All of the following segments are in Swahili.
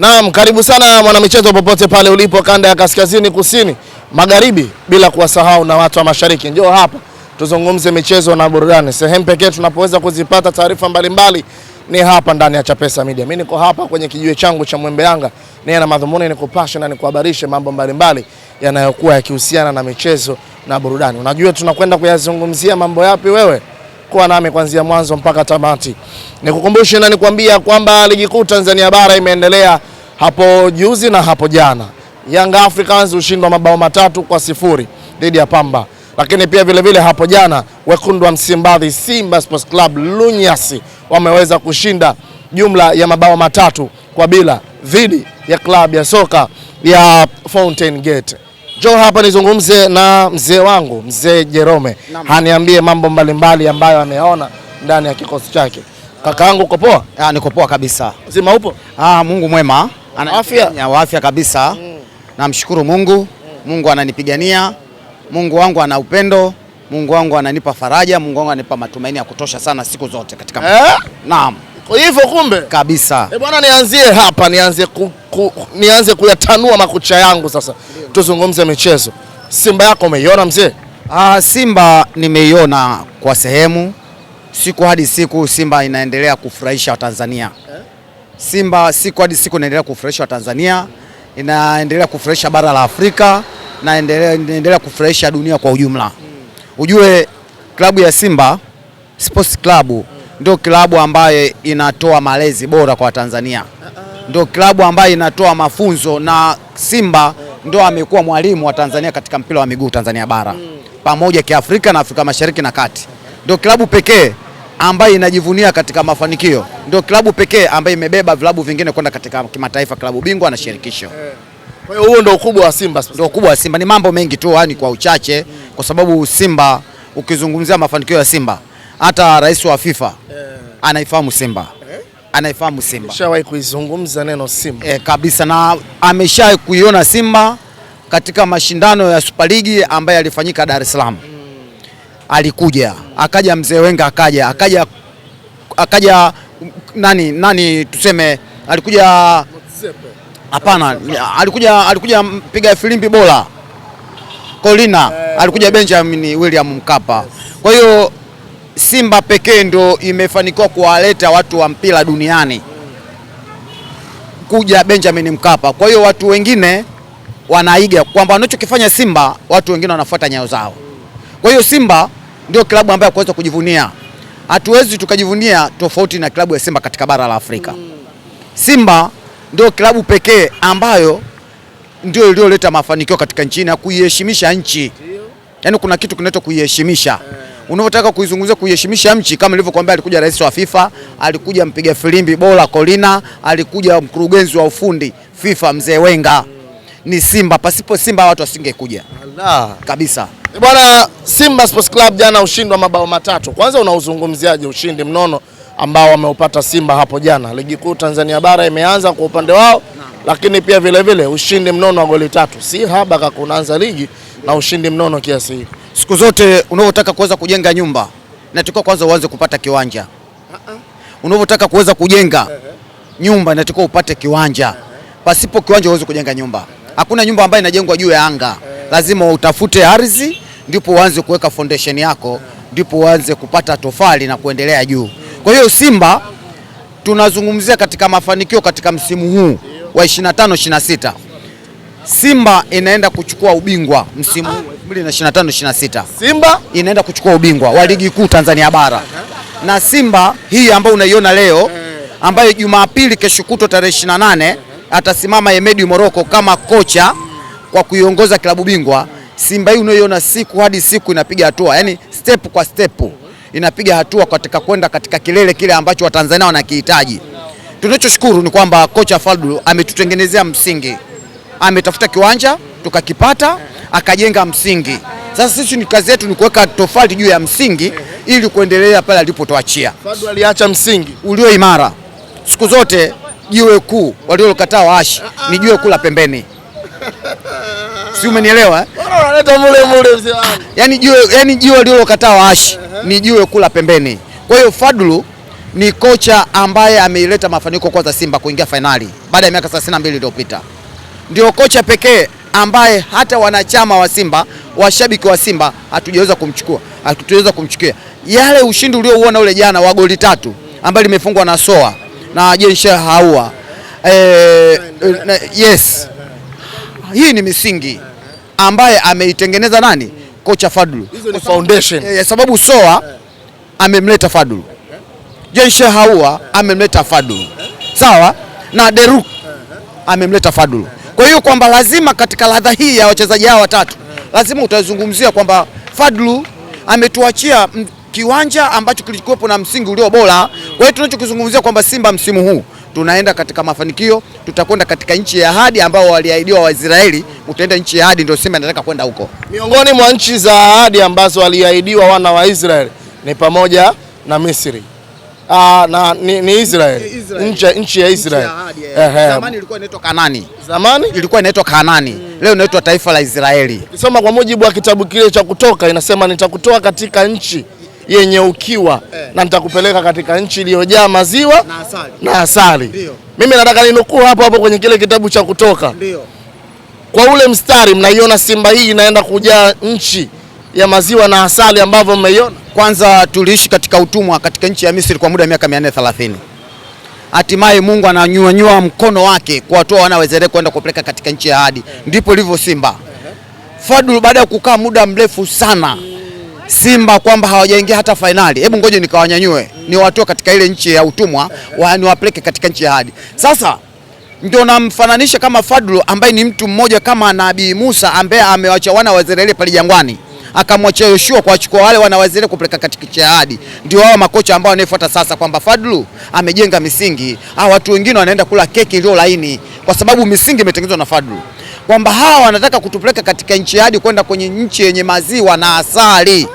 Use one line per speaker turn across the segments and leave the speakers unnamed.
Naam, karibu sana mwanamichezo popote pale ulipo kanda ya kaskazini, kusini, magharibi bila kuwasahau na watu wa mashariki. Njoo hapa tuzungumze michezo na burudani. Sehemu pekee tunapoweza kuzipata taarifa mbalimbali ni hapa ndani ya Chapesa Media. Mimi niko hapa kwenye kijiwe changu cha Mwembe Yanga, niye na madhumuni nikupashe na nikuhabarishe mambo mbalimbali yanayokuwa yakihusiana na michezo na burudani. Unajua tunakwenda kuyazungumzia mambo yapi wewe? kuwa nami kuanzia mwanzo mpaka tamati. Nikukumbushe na nikwambia kwamba ligi kuu Tanzania bara imeendelea hapo juzi na hapo jana, Young Africans ushindwa mabao matatu kwa sifuri dhidi ya Pamba, lakini pia vilevile vile hapo jana wekundu wa Msimbazi Simba Sports Club Lunyasi wameweza kushinda jumla ya mabao matatu kwa bila dhidi ya klabu ya soka ya Fountain Gate jo hapa nizungumze na mzee wangu mzee Jerome aniambie mambo mbalimbali ambayo ameona ndani ya kikosi chake. Kaka yangu uko poa?
Ah, niko poa kabisa. Zima upo? Ah, Mungu mwema.
Ana afya?
Wa afya kabisa. Mm. Namshukuru Mungu. Mm. Mungu ananipigania. Mungu wangu ana upendo. Mungu wangu ananipa faraja. Mungu wangu ananipa matumaini ya kutosha sana siku zote
katika. Eh? Naam hivyo kumbe
kabisa.
E bwana, nianzie hapa, nianze ku, ku, nianze kuyatanua makucha yangu sasa. Tuzungumze michezo. Simba yako umeiona mzee?
Ah, Simba nimeiona kwa sehemu, siku hadi siku Simba inaendelea kufurahisha Watanzania. Eh? Simba siku hadi siku inaendelea kufurahisha Watanzania, inaendelea kufurahisha bara la Afrika na inaendelea kufurahisha dunia kwa ujumla. Hmm. Ujue klabu ya Simba Sports Club ndio klabu ambayo inatoa malezi bora kwa Tanzania, ndio klabu ambayo inatoa mafunzo, na Simba ndio amekuwa mwalimu wa Tanzania katika mpira wa miguu Tanzania bara pamoja kiafrika na Afrika Mashariki na Kati. Ndio klabu pekee ambayo inajivunia katika mafanikio, ndio klabu pekee ambayo imebeba vilabu vingine kwenda katika kimataifa, klabu bingwa na shirikisho.
Kwa hiyo huo ndio ukubwa wa Simba.
Ndio ukubwa wa Simba, ni mambo mengi tu, yani kwa uchache, kwa sababu Simba ukizungumzia mafanikio ya Simba hata rais wa FIFA eh. anaifahamu Simba, eh? anaifahamu Simba,
ameshawahi kuizungumza neno Simba
eh, kabisa na ameshawahi kuiona Simba katika mashindano ya Super League ambayo yalifanyika Dar es Salaam. Hmm. Alikuja akaja mzee Wenga, akaja akaja akaja nani nani, tuseme alikuja hapana, alikuja alikuja mpiga filimbi bora Kolina, eh, alikuja Benjamin William Mkapa, kwa hiyo Simba pekee ndo imefanikiwa kuwaleta watu wa mpira duniani kuja Benjamin Mkapa. Kwa hiyo watu wengine wanaiga kwamba wanachokifanya Simba, watu wengine wanafuata nyayo zao. Kwa hiyo Simba ndio klabu ambayo kuweza kujivunia. Hatuwezi tukajivunia tofauti na klabu ya Simba katika bara la Afrika. Simba ndio klabu pekee ambayo ndio iliyoleta mafanikio katika nchi na kuiheshimisha nchi, yaani kuna kitu kinaitwa kuiheshimisha unavyotaka kuizungumzia kuiheshimisha nchi, kama nilivyokuambia, alikuja rais wa FIFA, alikuja mpiga filimbi bora Kolina, alikuja mkurugenzi wa ufundi FIFA mzee Wenga. Ni Simba, pasipo Simba watu wasingekuja kabisa.
E bwana Simba Sports Club jana ushindi wa mabao matatu, kwanza unauzungumziaje ushindi mnono ambao wameupata Simba hapo jana? Ligi kuu Tanzania bara imeanza kwa upande wao na, lakini pia vilevile vile, ushindi mnono wa goli tatu si haba kunaanza ligi na ushindi mnono kiasi hiki
siku zote unavyotaka kuweza kujenga nyumba inatakiwa kwanza uanze kupata kiwanja. Uh-huh. Unavyotaka kuweza kujenga uh-huh. nyumba inatakiwa upate kiwanja. Uh-huh. Pasipo kiwanja huwezi kujenga nyumba. Hakuna nyumba ambayo inajengwa juu ya anga, lazima utafute ardhi, ndipo uanze kuweka foundation yako, ndipo uanze kupata tofali na kuendelea juu. Kwa hiyo Simba tunazungumzia katika mafanikio katika msimu huu wa 25 26, Simba inaenda kuchukua ubingwa msimu huu. 2025 26 Simba inaenda kuchukua ubingwa wa ligi kuu Tanzania bara na Simba hii ambayo unaiona leo eh. ambayo Jumapili kesho kutwa tarehe 28 atasimama Emedi Moroko kama kocha kwa kuiongoza klabu bingwa. Simba hii unayoiona siku hadi siku inapiga hatua, yani step kwa step inapiga hatua katika kwenda katika kilele kile ambacho Watanzania wanakihitaji. Tunachoshukuru ni kwamba kocha Faldu ametutengenezea msingi, ametafuta kiwanja tukakipata akajenga msingi. Sasa sisi ni kazi yetu ni kuweka tofali juu ya msingi ili kuendelea pale alipotuachia.
Fadu aliacha msingi
ulio imara, siku zote jiwe kuu walilokataa waashi ni jiwe kuu la pembeni, si umenielewa? Yaani jiwe yani jiwe walilokataa waashi ni jiwe kuu la pembeni. Kwa hiyo Fadlu ni kocha ambaye ameileta mafanikio kwanza Simba kuingia fainali baada ya miaka 32 iliyopita, ndio kocha pekee ambaye hata wanachama wa Simba, washabiki wa Simba hatujaweza kumchukua, hatujaweza kumchukia. Yale ushindi uliouona ule jana wa goli tatu ambayo limefungwa na Soa na Jensha Haua e, yes, hii ni misingi ambaye ameitengeneza nani? Kocha Fadlu.
Hizo ni foundation.
E, sababu Soa amemleta Fadlu, Jensha Haua amemleta Fadlu, sawa na Deruk amemleta Fadlu kwa hiyo kwamba lazima katika ladha hii ya wachezaji hawa watatu lazima utazungumzia kwamba Fadlu ametuachia kiwanja ambacho kilikuwepo na msingi ulio bora. Kwa hiyo tunachokizungumzia kwamba Simba msimu huu tunaenda katika mafanikio, tutakwenda katika nchi ya ahadi ambao waliahidiwa Waisraeli. Utaenda nchi ya ahadi, ndio Simba inataka kwenda huko.
Miongoni mwa nchi za ahadi ambazo waliahidiwa wana wa Israeli ni pamoja na Misri. Aa, ah, na ni, ni Israel. Israel. Nchi, nchi ya Israel. Nchi
ya ahadi, eh. Zamani ilikuwa inaitwa Kanani. Zamani ilikuwa inaitwa Kanani. Hmm. Leo inaitwa taifa la Israeli.
Ukisoma kwa mujibu wa kitabu kile cha Kutoka inasema nitakutoa katika nchi yenye ukiwa eh, na nitakupeleka katika nchi iliyojaa maziwa na asali. Na asali. Mimi nataka ninukuu hapo hapo kwenye kile kitabu cha Kutoka. Ndio. Kwa ule mstari mnaiona Simba hii inaenda kujaa nchi ya maziwa na asali ambavyo mmeiona? Kwanza tuliishi katika utumwa katika nchi ya Misri kwa muda wa miaka 430. Hatimaye Mungu ananyuanyua mkono wake kuwatoa wana wa Israeli kwenda kupeleka katika nchi ya ahadi, ndipo ilivyo Simba. Fadlu baada ya kukaa muda mrefu sana Simba kwamba hawajaingia hata fainali, hebu ngoje nikawanyanyue niwatoe katika ile nchi ya utumwa niwapeleke katika nchi ya ahadi. Sasa ndio namfananisha kama Fadlu ambaye ni mtu mmoja kama Nabii Musa ambaye amewacha wana wa Israeli pale jangwani akamwachia Yoshua kuwachukua wale wana wa Israeli kupeleka katika ahadi. Ndio hao makocha ambao wanaifuata sasa, kwamba Fadlu amejenga misingi, hao watu wengine wanaenda kula keki iliyo laini, kwa sababu misingi imetengenezwa na Fadlu, kwamba hawa wanataka kutupeleka katika nchi ahadi, kwenda kwenye nchi yenye maziwa na asali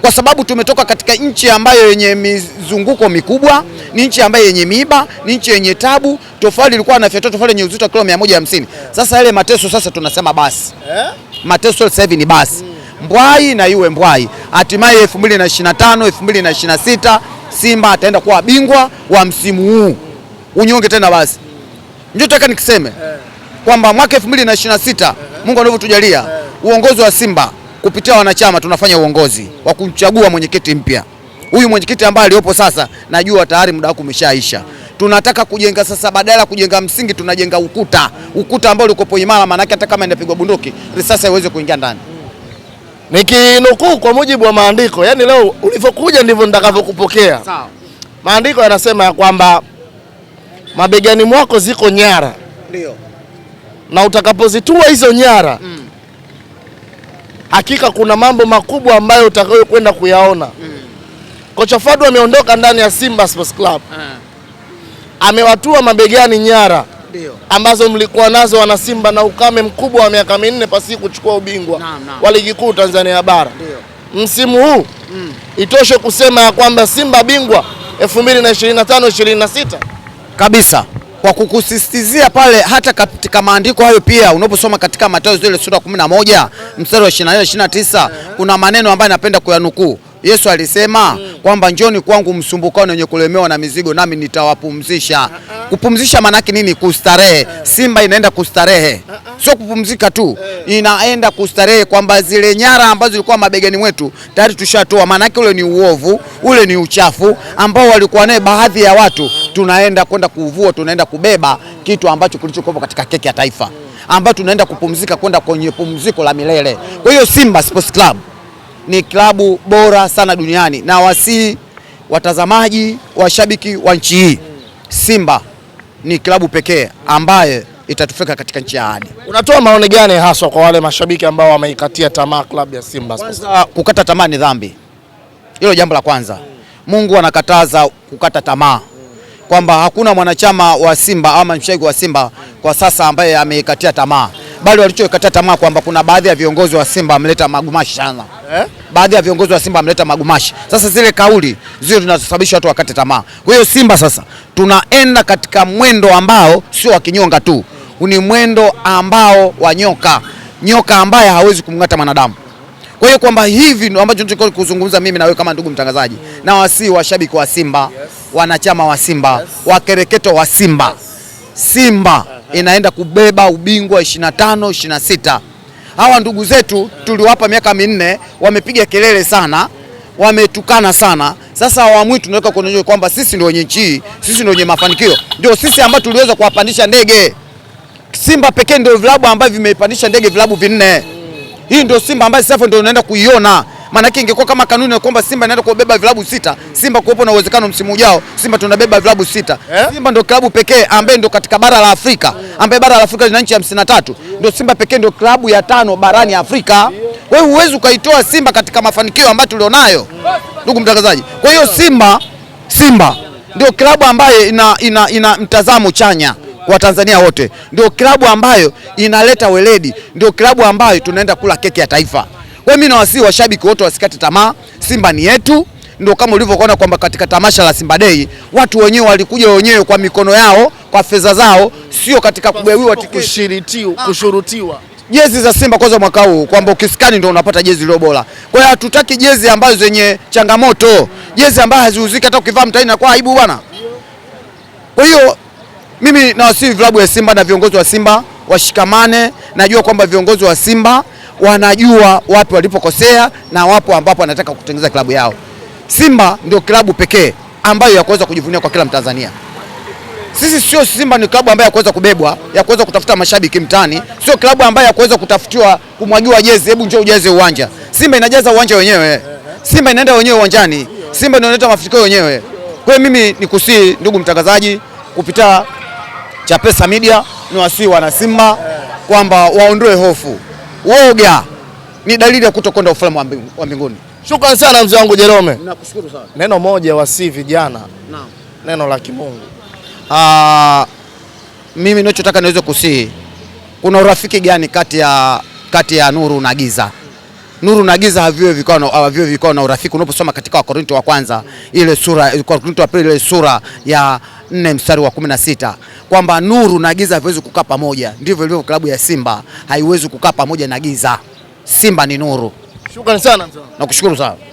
kwa sababu tumetoka katika nchi ambayo yenye mizunguko mikubwa, ni nchi ambayo yenye miiba, ni nchi yenye tabu. Tofali ilikuwa anafyatua tofali yenye uzito wa kilo 150. Sasa yale mateso sasa tunasema basi, eh? mateso sasa hivi ni basi. Mm mbwai na iwe mbwai. Hatimaye 2025 2026 Simba ataenda kuwa bingwa wa msimu huu. Unyonge tena basi. nataka nikiseme kwamba mwaka 2026 Mungu anavyotujalia uongozi wa Simba kupitia wanachama tunafanya uongozi wa kumchagua mwenyekiti mpya. Huyu mwenyekiti ambaye aliyopo sasa, najua tayari muda wake umeshaisha. Tunataka kujenga sasa, badala ya kujenga msingi tunajenga ukuta, ukuta ambao ulikopo imara, maanake hata kama inapigwa bunduki risasi haiwezi kuingia ndani nikinukuu kwa mujibu wa maandiko, yani leo ulivyokuja ndivyo nitakavyokupokea. Sawa. Maandiko yanasema ya kwamba mabegani mwako ziko nyara. Ndio. Na utakapozitua hizo nyara mm. Hakika kuna mambo makubwa ambayo kwenda kuyaona mm. Kocha Fadu ameondoka ndani ya Simba Sports Club mm. Amewatua mabegani nyara ambazo mlikuwa nazo wanasimba na ukame mkubwa wa miaka minne pasi kuchukua ubingwa wa ligi kuu Tanzania bara Msimu huu mm. Itoshe kusema ya kwamba Simba bingwa 2025 26
kabisa kwa kukusisitizia pale hata katika maandiko hayo pia unaposoma katika Mathayo ile sura 11 mstari wa 24 29 kuna maneno ambayo napenda kuyanukuu Yesu alisema mm. kwamba njoni kwangu msumbukao na wenye kulemewa na mizigo nami nitawapumzisha. uh -uh. Kupumzisha maanake nini? Kustarehe. uh -uh. Simba inaenda kustarehe, uh -uh. sio kupumzika tu, uh -uh. inaenda kustarehe, kwamba zile nyara ambazo zilikuwa mabegani mwetu tayari tushatoa, yake ule ni uovu, ule ni uchafu ambao walikuwa naye baadhi ya watu, tunaenda kwenda kuuvua, tunaenda kubeba kitu ambacho kilichokuwa katika keki ya taifa, ambayo tunaenda kupumzika, kwenda kwenye pumziko la milele. Kwa hiyo Simba Sports Club ni klabu bora sana duniani, na wasi watazamaji, washabiki wa nchi hii, Simba ni klabu pekee ambaye itatufika katika nchi ya ahadi.
Unatoa maoni gani haswa kwa wale mashabiki ambao wameikatia tamaa klabu ya Simba?
Kwanza, kukata tamaa ni dhambi, hilo jambo la kwanza. Mungu anakataza kukata tamaa, kwamba hakuna mwanachama wa Simba ama mshabiki wa Simba kwa sasa ambaye ameikatia tamaa bali walichokata tamaa kwamba kuna baadhi ya viongozi wa Simba wameleta magumashi sana eh? baadhi ya viongozi wa Simba wameleta magumashi. Sasa zile kauli zio zinasababisha watu wakate tamaa. Kwa hiyo Simba sasa tunaenda katika mwendo ambao sio wa kinyonga tu, ni mwendo ambao wa nyoka, nyoka ambaye hawezi kumng'ata mwanadamu. Kwa hiyo kwamba hivi ambacho tunataka kuzungumza mimi na wewe kama ndugu mtangazaji, na wasi washabiki wa Simba, wanachama wa Simba, wakereketo wa Simba, Simba Eh, inaenda kubeba ubingwa 25 26. Hawa ndugu zetu tuliwapa miaka minne, wamepiga kelele sana, wametukana sana. Sasa awamu tunaweka kuonyesha kwamba sisi ndio wenye nchi, sisi ndio wenye mafanikio, ndio sisi ambao tuliweza kuwapandisha ndege. Simba pekee ndio vilabu ambavyo vimeipandisha ndege vilabu vinne. Hii ndio Simba ambayo sasa ndio unaenda kuiona. Maanake ingekuwa kama kanuni ya kwamba Simba inaenda kubeba vilabu sita, Simba kuwepo na uwezekano msimu ujao Simba tunabeba vilabu sita eh? Simba ndio klabu pekee ambaye ndio katika bara la Afrika ambaye bara la Afrika lina nchi hamsini na tatu ndio Simba pekee ndio klabu ya tano barani Afrika. Kwa hiyo huwezi ukaitoa Simba katika mafanikio ambayo tulionayo, ndugu mtangazaji. Kwa hiyo Simba Simba ndio klabu ambayo ina, ina, ina mtazamo chanya kwa Tanzania wote, ndio klabu ambayo inaleta weledi, ndio klabu ambayo tunaenda kula keki ya taifa. Kwa hiyo mimi nawasii washabiki wote wasikate tamaa, Simba ni yetu. Ndio kama ulivyokuona kwamba katika tamasha la Simba Day watu wenyewe walikuja wenyewe kwa mikono yao, kwa fedha zao, sio katika kugawiwa tiketi, ah. kushurutiwa jezi za Simba kwanza mwaka huu kwamba ukisikani ndio unapata jezi iliyo bora. Kwa hiyo hatutaki jezi ambazo zenye changamoto, jezi ambazo haziuziki hata ukivaa mtaani na kwa aibu bwana. Kwa hiyo mimi nawasihi vilabu ya Simba na viongozi wa Simba washikamane. Najua kwamba viongozi wa Simba wanajua wapi walipokosea na wapo ambapo wanataka kutengeneza klabu yao. Simba ndio klabu pekee ambayo ya kuweza kujivunia kwa kila Mtanzania. Sisi sio Simba ni klabu ambayo ya kuweza kubebwa, ya kuweza kutafuta mashabiki mtani, sio klabu ambayo ya kuweza kutafutiwa kumwagiwa jezi, hebu njoo ujaze uwanja. Simba inajaza uwanja wenyewe, Simba inaenda wenyewe uwanjani, Simba ndio inaleta mafanikio wenyewe. Kwa hiyo mimi nikusii, ndugu mtangazaji, kupitia Chapesa Media ni niwasii wana Simba kwamba waondoe hofu woga ni dalili ya kutokwenda ufalme wa mbinguni.
shukran sana mzee wangu Jerome,
nakushukuru sana. Neno moja wasi vijana,
naam, neno la kimungu.
Ah, mimi ninachotaka niweze kusihi, kuna urafiki gani kati ya kati ya nuru na giza? Nuru na giza havio vikao na vikao na urafiki. Unaposoma katika Wakorinto wa kwanza ile sura, Wakorinto wa pili ile sura ya 4 mstari wa 16 kwamba nuru na giza haviwezi kukaa pamoja. Ndivyo ilivyo klabu ya Simba, haiwezi kukaa pamoja na giza. Simba ni nuru. Shukrani sana. Nakushukuru sana.